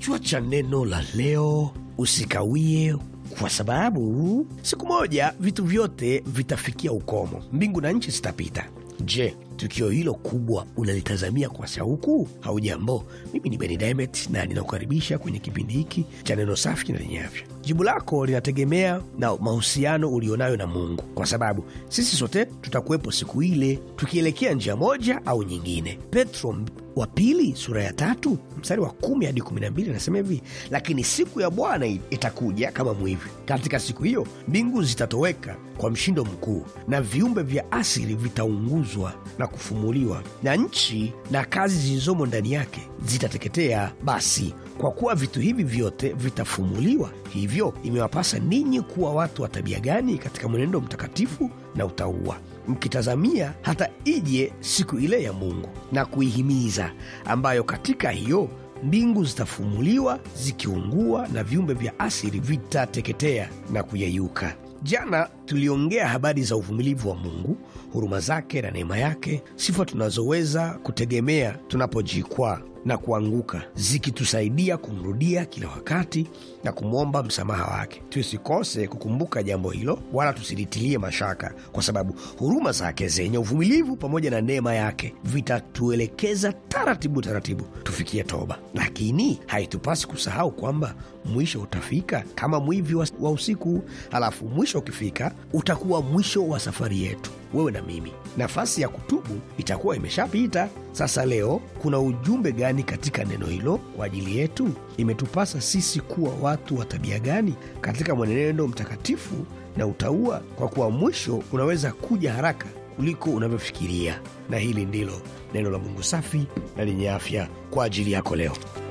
Kichwa cha neno la leo: usikawie, kwa sababu siku moja vitu vyote vitafikia ukomo, mbingu na nchi zitapita. Je, tukio hilo kubwa unalitazamia kwa shauku? jambo mimi ni Beni Dimet na ninakukaribisha kwenye kipindi hiki cha neno safi na lenye afya. Jibu lako linategemea na mahusiano ulionayo na Mungu, kwa sababu sisi sote tutakuwepo siku ile tukielekea njia moja au nyingine. Petro wa pili sura ya tatu mstari wa kumi hadi kumi na mbili anasema hivi: lakini siku ya Bwana itakuja kama mwivi. Katika siku hiyo mbingu zitatoweka kwa mshindo mkuu, na viumbe vya asili vitaunguzwa na kufumuliwa na nchi na kazi zilizomo ndani yake zitateketea. Basi kwa kuwa vitu hivi vyote vitafumuliwa, hivyo imewapasa ninyi kuwa watu wa tabia gani katika mwenendo mtakatifu na utauwa, mkitazamia hata ije siku ile ya Mungu na kuihimiza, ambayo katika hiyo mbingu zitafumuliwa zikiungua na viumbe vya asili vitateketea na kuyeyuka. Jana tuliongea habari za uvumilivu wa Mungu, huruma zake na neema yake, sifa tunazoweza kutegemea tunapojikwaa na kuanguka, zikitusaidia kumrudia kila wakati na kumwomba msamaha wake. Tusikose kukumbuka jambo hilo, wala tusilitilie mashaka, kwa sababu huruma zake zenye uvumilivu pamoja na neema yake vitatuelekeza taratibu taratibu tufikie toba. Lakini haitupasi kusahau kwamba mwisho utafika kama mwivi wa usiku, halafu mwisho ukifika utakuwa mwisho wa safari yetu wewe na mimi nafasi ya kutubu itakuwa imeshapita sasa leo kuna ujumbe gani katika neno hilo kwa ajili yetu imetupasa sisi kuwa watu wa tabia gani katika mwenendo mtakatifu na utaua kwa kuwa mwisho unaweza kuja haraka kuliko unavyofikiria na hili ndilo neno la mungu safi na lenye afya kwa ajili yako leo